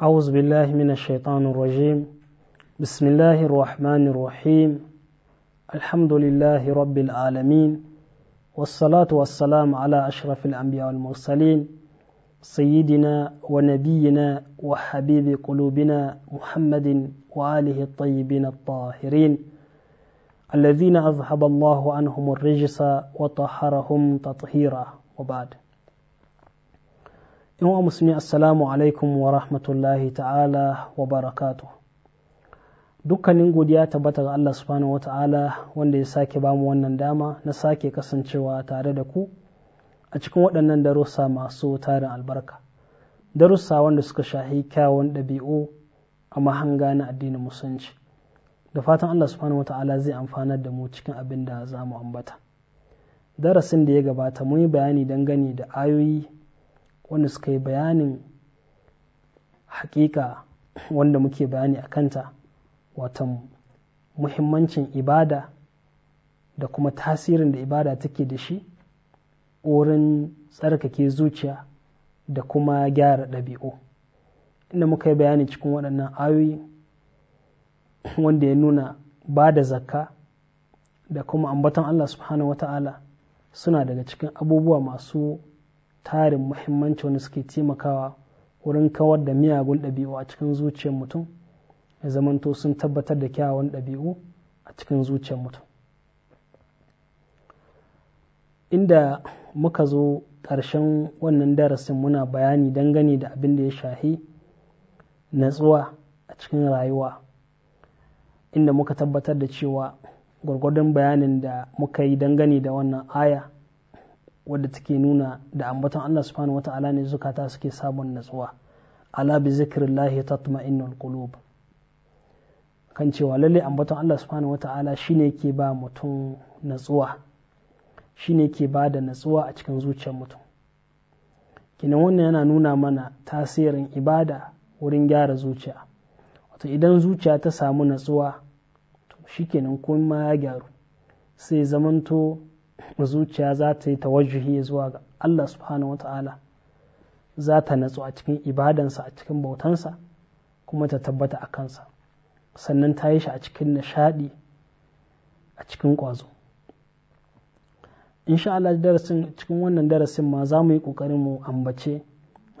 أعوذ بالله من الشيطان الرجيم بسم الله الرحمن الرحيم الحمد لله رب العالمين والصلاة والسلام على أشرف الأنبياء والمرسلين سيدنا ونبينا وحبيب قلوبنا محمد وآله الطيبين الطاهرين الذين أذهب الله عنهم الرجس وطهرهم تطهيرا وبعد yan wa musulmi assalamu alaikum wa rahmatullahi ta'ala wa barakatu dukkanin godiya tabbata ga Allah subhanahu ta'ala wanda ya sake bamu wannan dama na sake kasancewa tare da ku a cikin waɗannan darussa masu tarin albarka darussa wanda suka shahi kyawun ɗabi'u a mahanga na addinin musulunci da fatan Allah subhanahu ta'ala zai amfana da mu cikin abin da za mu ambata darasin da ya gabata mun yi bayani dangane da ayoyi wanda suka yi bayanin hakika wanda muke bayani a kanta watan muhimmancin ibada da kuma tasirin da ibada take da shi wurin tsarkake zuciya da kuma gyara ɗabi'u inda muka yi bayani cikin waɗannan ayoyi wanda ya nuna ba da zakka da kuma ambaton Allah subhanahu wa ta'ala suna daga cikin abubuwa masu tarin muhimmanci wani suke taimakawa wurin kawar da miyagun ɗabi'u a cikin zuciyar mutum ya zamanto sun tabbatar da kyawawan ɗabi'u a cikin zuciyar mutum inda muka zo ƙarshen wannan darasin muna bayani dangane da abin da ya shahi natsuwa a cikin rayuwa inda muka tabbatar da cewa gwargwadon bayanin da muka yi dangane da wannan aya wadda take nuna da ambaton Allah subhanahu ta'ala ne zukata suke samun natsuwa ala bi zikrillah tatma'innul qulub kan cewa lalle ambaton Allah subhanahu ta'ala shine yake ba mutum natsuwa shine yake ba da natsuwa a cikin zuciyar mutum kinan wannan yana nuna mana tasirin ibada wurin gyara zuciya wato idan zuciya ta samu natsuwa to shikenan kuma ya gyaru sai zamanto zuciya za ta yi tawajjuhi zuwa ga Allah subhanahu wata'ala za ta natsu a cikin ibadansa a cikin bautansa kuma ta tabbata a kansa sannan ta yi shi a cikin nishadi a cikin ƙwazo insha Allah darasin cikin wannan darasin ma za mu yi ƙoƙarin mu ambace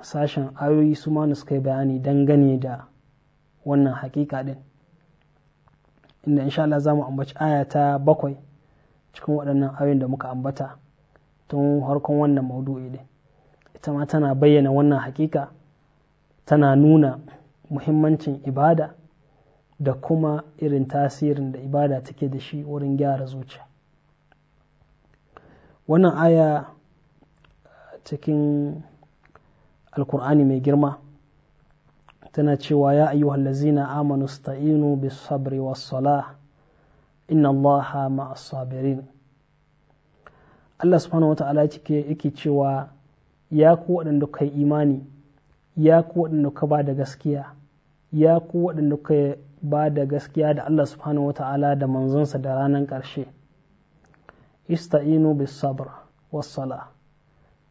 sashen ayoyi su ma suka yi bayani dangane da wannan haƙiƙa ɗin inda insha Allah za mu ambaci aya ta bakwai cikin waɗannan ayoyin da muka ambata tun harkon wannan maudu'i ita ma tana bayyana wannan hakika tana nuna muhimmancin ibada da kuma irin tasirin da ibada take da shi wurin gyara zuciya wannan aya cikin alkur'ani mai girma tana cewa ya ayyuhallazina amanu sta'inu bis sabri was salah inna allaha ma'as sabirin Allah subhanahu wata'ala yake cewa ya ku waɗanda kai imani ya ku waɗanda ka ba da gaskiya ya ku waɗanda ka ba da gaskiya da Allah subhanahu wata'ala da manzonsa da ranar ƙarshe ista'inu bis sabr sala.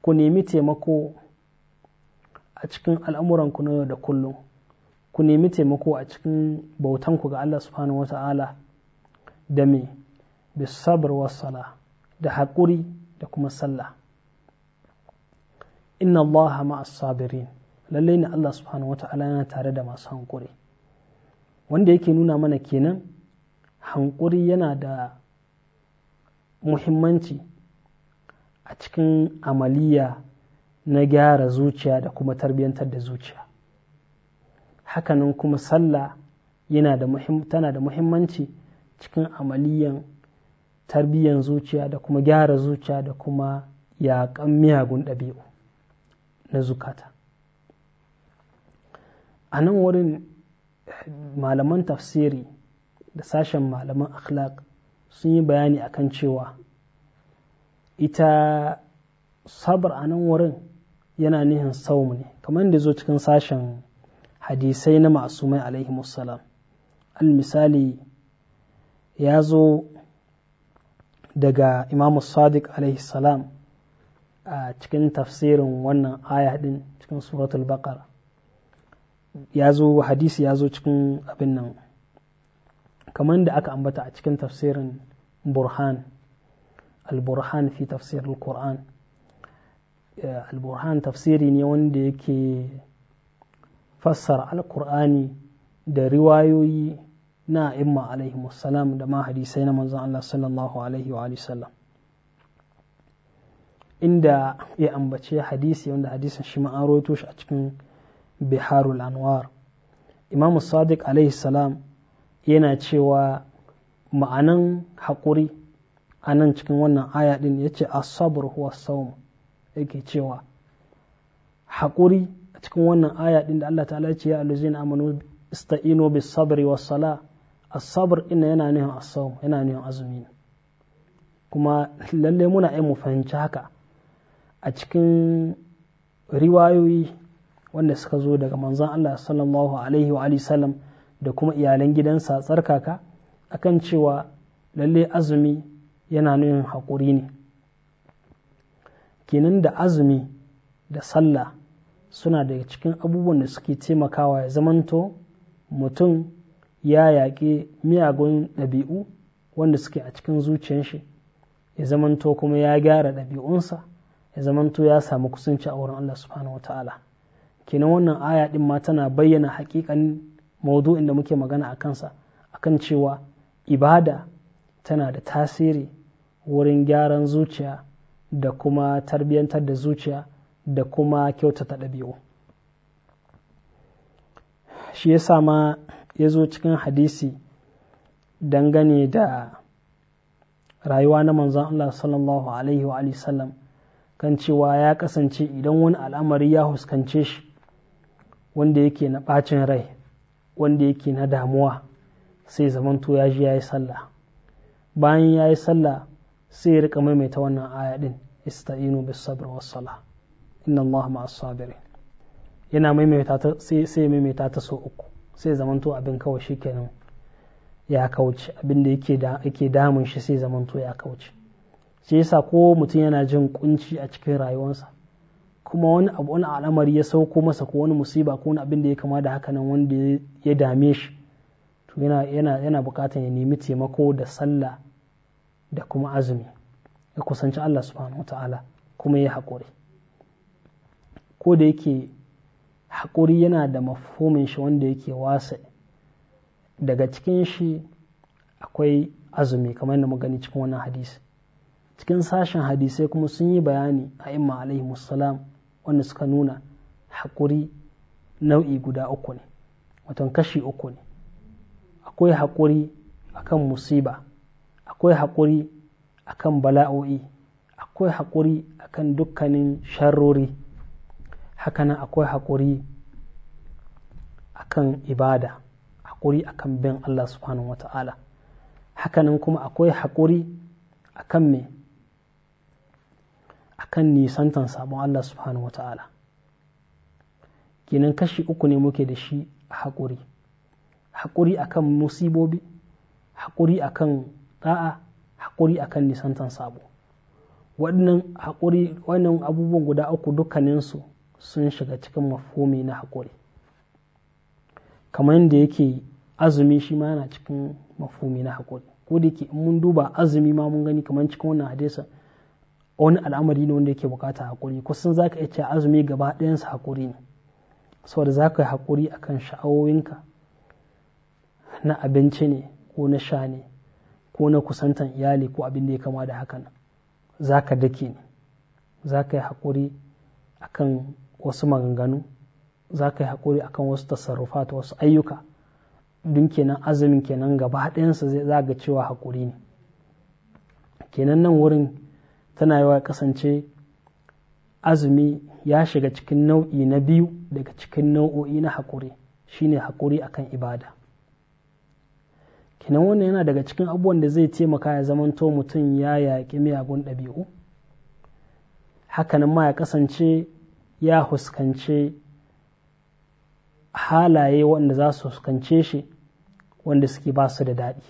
ku nemi taimako a cikin al'amuranku na yau da kullum ku nemi taimako a cikin bautanku ga Allah subhanahu wata'ala da me bisabar wasala da haƙuri da kuma sallah inna Allah ma'as sabirin lallai ne Allah subhanahu wata'ala yana tare da masu hankuri wanda yake nuna mana kenan hankuri yana da muhimmanci a cikin amaliya na gyara zuciya da kuma tarbiyyantar da zuciya hakanan kuma sallah tana da muhimmanci cikin amaliyan tarbiyyan zuciya da kuma gyara zuciya da kuma yaƙan miyagun ɗabi'u na zukata a nan wurin malaman tafsiri da sashen malaman akhlaq sun yi bayani akan cewa ita sabar a nan wurin yana nihin saumu ne kamar da zo cikin sashen hadisai na masu mai alaihi musallam al misali ya zo daga imamu sadiq salam a cikin tafsirin wannan aya din cikin suratul baqara ya zo hadisi ya zo cikin abin nan kamar da aka ambata a cikin tafsirin burhan al-burhan fi tafsir al-qur'an al-burhan tafsiri ne wanda yake fassara al-qur'ani da riwayoyi na imma alaihi da ma hadisai na manzon Allah sallallahu alaihi wa sallam inda ya ambace hadisi wanda hadisin shi ma an roto shi a cikin biharul anwar imam sadiq alaihi salam yana cewa ma'anan haƙuri a nan cikin wannan aya ɗin ya ce asabar huwa saum yake cewa haƙuri a cikin wannan aya ɗin da Allah ta'ala ce ya aluzina amanu ista'inu bis sabri was sala asabar ina yana nuhin asawun yana nuhin azumi kuma lalle muna yi mu fahimci haka a cikin riwayoyi wanda suka zo daga manzan Allah sallallahu alaihi wa sallam da kuma iyalan gidansa tsarkaka akan cewa lalle azumi yana nuhin haƙuri ne kenan da azumi da sallah suna daga cikin abubuwan da suke taimakawa ya zamanto mutum ya yaƙi miyagun ɗabi'u wanda suke a cikin zuciyar shi ya zamanto kuma ya gyara ɗabi'unsa ya zamanto ya samu kusanci a wurin Allah subhanahu wa ta'ala kenan wannan aya din ma tana bayyana haƙiƙanin maudu'in da muke magana a kansa a kan cewa ibada tana da tasiri wurin gyaran zuciya da kuma tarbiyyantar da zuciya da kuma kyautata ɗabi'u shi yasa ma ya zo cikin hadisi dangane da rayuwa na manzon Allah sallallahu alaihi wa sallam kan cewa ya kasance idan wani al'amari ya huskance shi wanda yake na ɓacin rai wanda yake na damuwa sai zamanto ya ji ya yi sallah bayan ya yi sallah sai ya rika maimaita wannan aya ɗin ista'inu bis sabr was sala inna allaha ma'as sabirin yana maimaita ta sai maimaita ta so uku sai zamanto abin kawai shi kenan ya kauce abin da yake damun shi sai zamanto ya kauce sai yasa ko mutum yana jin kunci a cikin rayuwarsa kuma wani abu wani al'amari ya sauko masa ko wani musiba ko wani abin da ya kama da haka nan wanda ya dame shi to yana yana yana bukatan ya nemi taimako da sallah da kuma azumi ya kusanci Allah subhanahu wataala kuma ya haƙuri ko da yake haƙuri yana da mafhumin shi wanda yake wasa daga cikin shi akwai azumi kamar yadda gani cikin wannan hadisi cikin sashen hadisai kuma sun yi bayani a imma alaihi musalam wanda suka nuna haƙuri nau'i guda uku ne watan kashi uku ne akwai haƙuri akan musiba akwai haƙuri akan bala'o'i akwai haƙuri akan dukkanin sharrori hakanan akwai haƙuri akan ibada haƙuri akan bin Allah subhanahu wata'ala hakanan kuma akwai haƙuri akan me akan nisantan sabon Allah subhanahu ta’ala kinan kashi uku ne muke da shi haƙuri haƙuri akan musibobi haƙuri kan ɗa'a haƙuri akan nisantan sabo waɗannan abubuwan guda uku dukkaninsu sun shiga cikin mafumi na haƙuri kamar yadda yake azumi shi ma yana cikin mafumi na haƙuri ko da yake mun duba azumi ma mun gani kamar cikin wannan hadisa wani al'amari ne wanda yake bukata haƙuri kusan za ka iya cewa azumi gaba ɗayansa haƙuri ne saboda za ka yi haƙuri akan sha'awowinka na abinci ne ko na sha ne ko na kusantan iyali ko abin da ya kama da hakan za ka dake ne za ka yi haƙuri akan wasu maganganu za ka yi haƙuri akan wasu tasarrufa ta wasu ayyuka dun kenan azumin kenan gaba ɗayansa zai zaga cewa haƙuri ne kenan nan wurin tana yawa kasance azumi ya shiga cikin nau'i na biyu daga cikin nau'o'i na haƙuri shine haƙuri akan ibada kenan wannan yana daga cikin abubuwan da zai taimaka ya zamanto mutum ya yaƙi miyagun ɗabi'u hakanan ma ya kasance ya huskance halaye wanda za su huskance shi wanda suke ba su da daɗi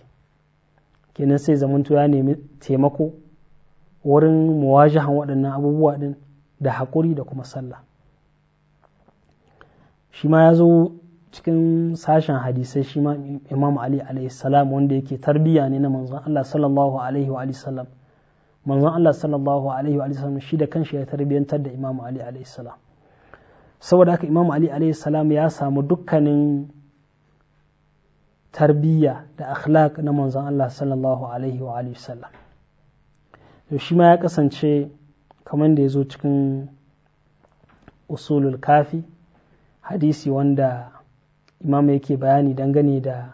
kenan sai zamanto ya nemi taimako wurin muwajahan waɗannan abubuwa ɗin da haƙuri da kuma sallah shi ma ya zo cikin sashen hadisai shi ma imam ali alaihi wanda yake tarbiyya ne na manzon allah sallallahu alaihi wa sallam manzon Allah sallallahu alaihi wa sallam shi da kanshi ya tarbiyantar da Imam Ali alaihi salam saboda haka Imam Ali alaihi salam ya samu dukkanin tarbiyya da akhlaq na manzon Allah sallallahu alaihi wa sallam to shi ma ya kasance kamar da ya zo cikin usulul kafi hadisi wanda imam yake bayani dangane da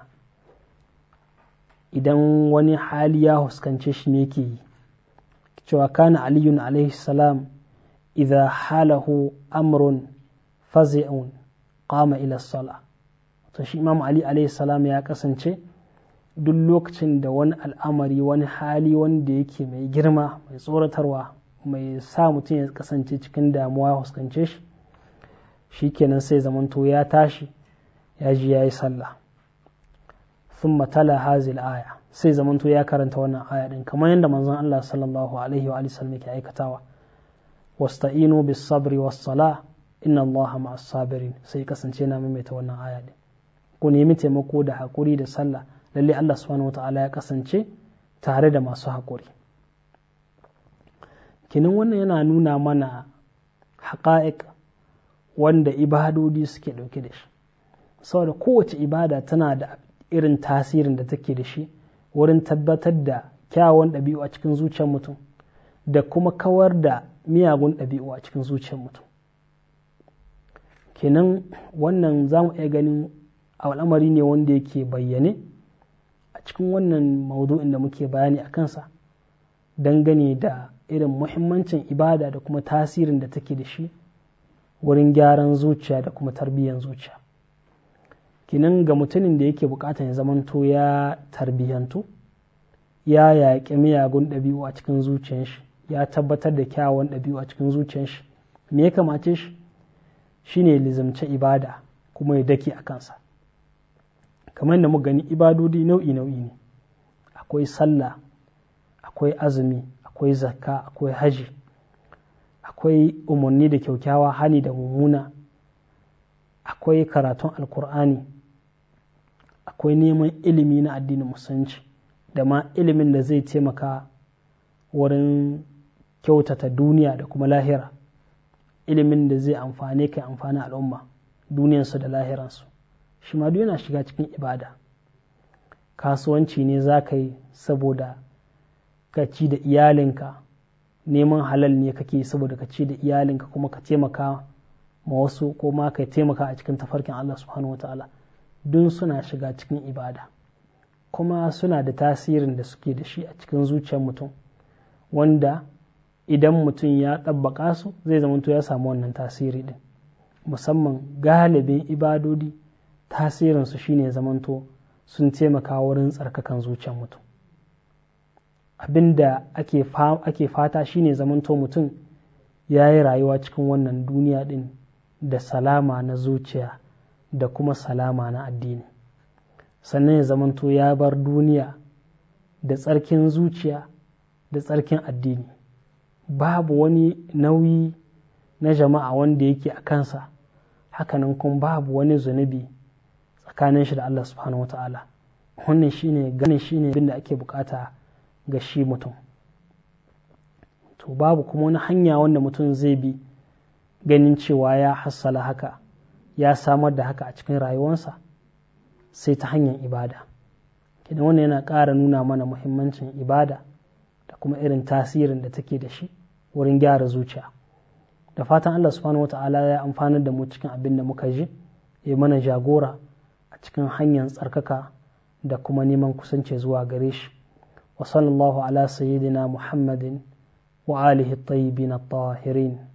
idan wani hali ya huskance shi me yake yi cewa kana aliyun alaihi salam idha halahu amrun fazi'un kama ila sala to shi imam ali alaihi salam ya kasance duk lokacin da wani al'amari wani hali wanda yake mai girma mai tsoratarwa mai sa mutum ya kasance cikin damuwa ya fuskance shi shikenan sai zamanto ya tashi ya ji ya sallah sun matala hazil aya sai zamanto ya karanta wannan aya din kamar yadda manzon Allah sallallahu alaihi wa sallam yake aikatawa wasta'inu bis sabri was sala inna Allaha ma'as sabirin sai kasance na maimaita wannan aya din ku nemi taimako da hakuri da sallah lalle Allah subhanahu wata'ala ya kasance tare da masu hakuri kinin wannan yana nuna mana haqa'iq wanda ibadodi suke ɗauke da shi saboda kowace ibada tana da irin tasirin da take da shi wurin tabbatar da kyawun ɗabi'u a cikin zuciyar mutum da kuma kawar da miyagun ɗabi'u a cikin zuciyar mutum kenan wannan za mu iya ganin al'amari ne wanda yake bayyane a cikin wannan maudu'in da muke bayani a kansa dangane da irin muhimmancin ibada da kuma tasirin da take da shi wurin gyaran zuciya da kuma tarbiyyar zuciya kinan ga mutumin da yake bukata ya zamanto ya tarbiyantu ya yaƙi miyagun ɗabi'u a cikin zuciyar shi ya tabbatar da kyawun ɗabi'u a cikin zuciyar shi me ya kamace shi shine lizimce ibada kuma ya dake a kansa kamar da mu gani ibadodi nau'i nau'i ne akwai sallah akwai azumi akwai zakka akwai haji akwai umarni da kyaukyawa hani da mummuna akwai karatun alkur'ani akwai neman ilimi na addinin musulunci da ma ilimin da zai taimaka wurin kyautata duniya da kuma lahira ilimin da zai amfane kai amfani al'umma duniyarsu da lahiransu shi ma yana shiga cikin ibada kasuwanci ne za ka yi saboda ka ci da iyalinka neman halal ne kake saboda ka ci da iyalinka kuma ka taimaka ma wasu ko ma ka taimaka a cikin tafarkin Allah subhanahu wa ta'ala don suna shiga cikin ibada kuma suna da tasirin da suke da shi a cikin zuciyar mutum wanda idan mutum ya ɗabbaƙa su zai zamanto ya samu wannan tasiri ɗin musamman galibin ibadodi tasirinsu shine zamanto sun taimaka wurin tsarkakan zuciyar mutum abinda da ake fata shine zamanto mutum ya yi rayuwa cikin wannan duniya ɗin da salama na zuciya da kuma salama na addini sannan ya zamanto ya bar duniya da tsarkin zuciya da tsarkin addini babu wani nauyi na jama'a wanda yake a kansa hakanan kuma babu wani zunubi tsakanin shi da Allah subhanahu wa ta'ala wannan shine gane shine abin da ake bukata ga shi mutum to babu kuma wani hanya wanda mutum zai bi ganin cewa ya hassala haka ya samar da haka a cikin rayuwansa sai ta hanyar ibada idan wannan yana ƙara nuna mana muhimmancin ibada da kuma irin tasirin da take da shi wurin gyara zuciya da fatan Allah subhanahu wa ta'ala ya amfanar da mu cikin abin da muka ji ya mana jagora a cikin hanyar tsarkaka da kuma neman kusance zuwa gare shi wa sallallahu ala sayyidina muhammadin wa alihi tayyibin at-tahirin